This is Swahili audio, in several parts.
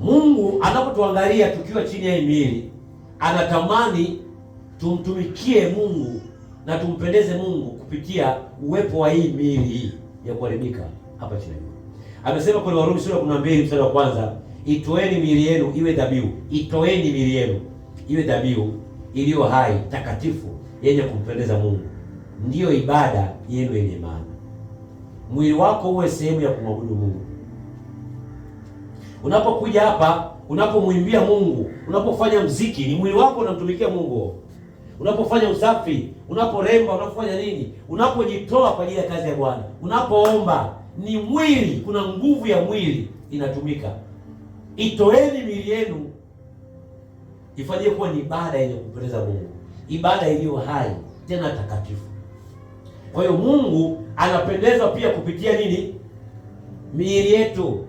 Mungu anapotuangalia tukiwa chini ya miili, anatamani tumtumikie Mungu na tumpendeze Mungu kupitia uwepo wa hii miili hii ya kuharibika hapa chini. Amesema kwenye Warumi sura ya 12 mstari wa kwanza, itoeni miili yenu iwe dhabihu, itoeni miili yenu iwe dhabihu iliyo hai, takatifu, yenye kumpendeza Mungu, ndiyo ibada yenu yenye maana. Mwili wako uwe sehemu ya kumwabudu Mungu. Unapokuja hapa, unapomwimbia Mungu, unapofanya mziki, ni mwili wako unamtumikia Mungu. Unapofanya usafi, unaporemba, unapofanya nini, unapojitoa kwa ajili ya kazi ya Bwana, unapoomba, ni mwili, kuna nguvu ya mwili inatumika. Itoeni mili yenu ifanyie kuwa ni ibada yenye kupendeza Mungu, ibada iliyo hai tena takatifu. Kwa hiyo Mungu anapendezwa pia kupitia nini? Miili yetu.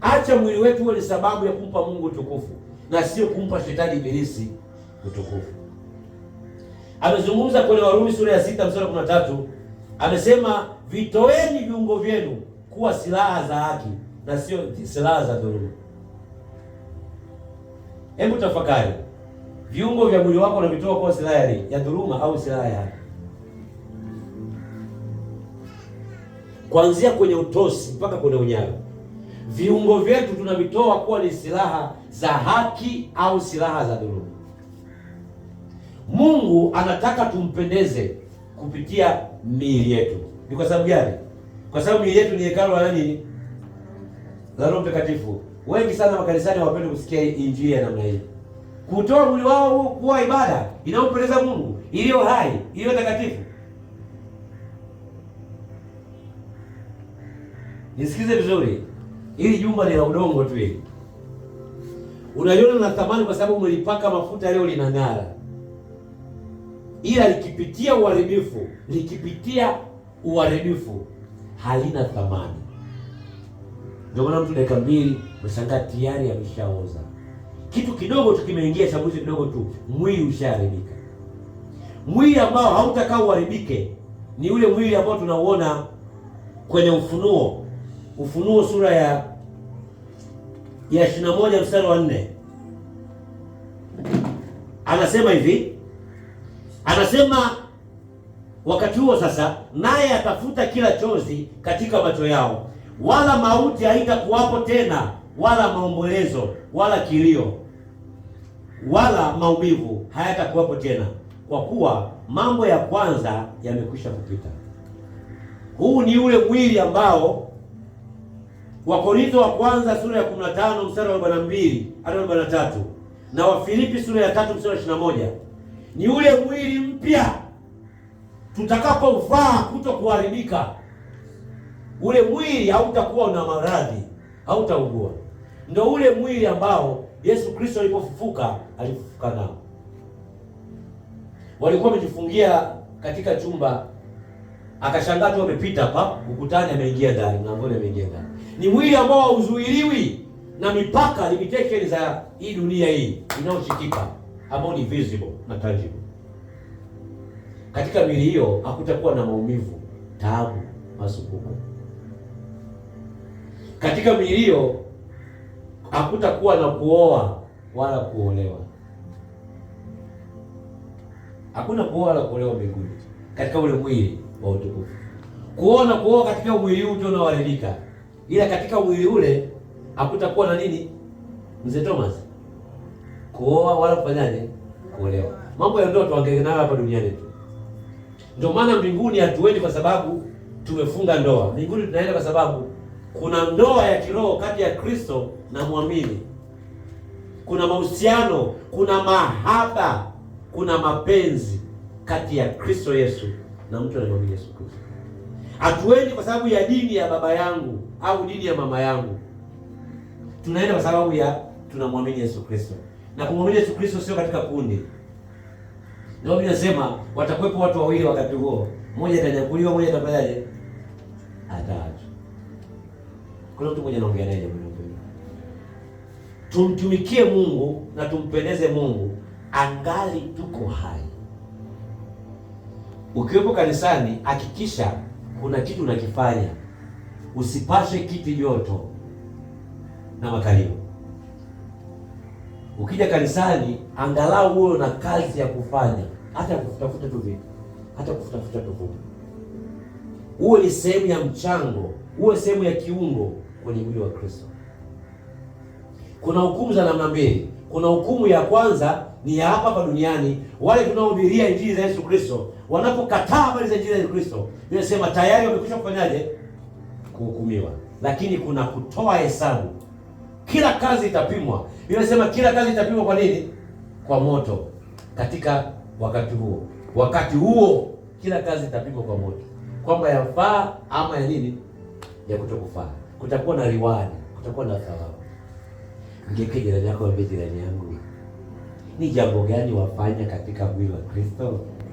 Acha mwili wetu uwe ni sababu ya kumpa Mungu utukufu na sio kumpa shetani ibilisi utukufu. Amezungumza kwenye Warumi sura ya sita mstari kumi na tatu amesema vitoeni viungo vyenu kuwa silaha za haki na sio silaha za dhuluma. Hebu tafakari, viungo vya mwili wako unavitoa kuwa silaha ya dhuluma au silaha ya haki? Kuanzia kwenye utosi mpaka kwenye unyago viungo vyetu tunavitoa kuwa ni silaha za haki au silaha za dhuluma. Mungu anataka tumpendeze kupitia miili yetu. Ni kwa sababu gani? Kwa sababu miili yetu ni hekalo la nini? La Roho Mtakatifu. Wengi sana makanisani hawapendi kusikia injili ya namna hii, kutoa mwili wao kuwa ibada inayompendeza Mungu, iliyo hai, iliyo takatifu. Nisikize vizuri. Hili jumba lina udongo tu hili. Unaliona na thamani kwa sababu umelipaka mafuta leo linang'ara. Ila likipitia uharibifu, likipitia uharibifu halina thamani. Ndio maana mtu dakika mbili mshangaa tayari ameshaoza. Kitu kidogo tu kimeingia sabuni kidogo tu, mwili ushaharibika. Mwili ambao hautakaa uharibike ni ule mwili ambao tunauona kwenye Ufunuo Ufunuo sura ya ya 21 mstari wa 4 anasema hivi, anasema wakati huo sasa, naye atafuta kila chozi katika macho yao, wala mauti haitakuwapo tena, wala maombolezo, wala kilio, wala maumivu hayatakuwapo tena, kwa kuwa mambo ya kwanza yamekwisha kupita. Huu ni ule mwili ambao Wakorintho wa kwanza sura ya 15 mstari wa 42 hadi 43 na Wafilipi sura ya tatu mstari wa 21 ni ule mwili mpya tutakapovaa kuto kuharibika. Ule mwili hautakuwa una maradhi, hautaugua. Ndio ule mwili ambao Yesu Kristo alipofufuka alifufuka nao. Walikuwa wamejifungia katika chumba, akashangaa tu wamepita hapa ukutani, ameingia ndani, mlangoni ameingia ndani ni mwili ambao hauzuiliwi na mipaka limitation za hii dunia hii inayoshikika, ambao ni visible na tangible. Katika mwili hiyo hakutakuwa na maumivu, taabu, masumbuko. Katika mwili hiyo hakutakuwa na kuoa wala kuolewa. Hakuna kuoa wala kuolewa mbinguni, katika ule mwili wa utukufu. Kuona kuoa katika mwili huu tunaoharibika ila katika mwili ule hakutakuwa na nini, mzee Thomas, kuoa wala kufanyaje, kuolewa. Mambo ya ndoto wangeke nayo hapa duniani tu. Ndio maana mbinguni hatuendi kwa sababu tumefunga ndoa. Mbinguni tunaenda kwa sababu kuna ndoa ya kiroho kati ya Kristo na mwamini, kuna mahusiano, kuna mahaba, kuna mapenzi kati ya Kristo Yesu na mtu anayemwamini Yesu Kristo. Hatuendi kwa sababu ya dini ya baba yangu au dini ya mama yangu, tunaenda kwa sababu ya tunamwamini Yesu Kristo, na kumwamini Yesu Kristo sio katika kundi. Ndio Biblia inasema watakuwepo watu wawili wakati huo, mmoja atanyakuliwa, mmoja atafanyaje? Ataachwa. Kuna mtu mmoja anaongea naye tumtumikie Mungu na tumpendeze Mungu angali tuko hai. Ukiwepo kanisani, hakikisha kuna kitu unakifanya, usipashe kiti joto na makalio. Ukija kanisani, angalau uwe na kazi ya kufanya, hata kufutafuta tu vitu, hata kufutafuta tu vitu, uwe ni sehemu ya mchango, uwe sehemu ya kiungo kwenye mwili wa Kristo. Kuna hukumu za namna mbili. Kuna hukumu ya kwanza ni ya hapa hapa duniani. Wale tunaohubiria injili za Yesu Kristo wanapokataa habari za injili za Yesu Kristo, inasema tayari wamekwisha kufanyaje? Kuhukumiwa. Lakini kuna kutoa hesabu, kila kazi itapimwa. Inasema kila kazi itapimwa. Kwa nini? Kwa moto. Katika wakati huo, wakati huo kila kazi itapimwa kwa moto, kwamba yafaa ama ya nini, ya kutokufaa. Kutakuwa na riwani, kutakuwa na thawabu. Ngeke jirani yako, ambie jirani yangu ni jambo gani wafanya katika mwili wa Kristo?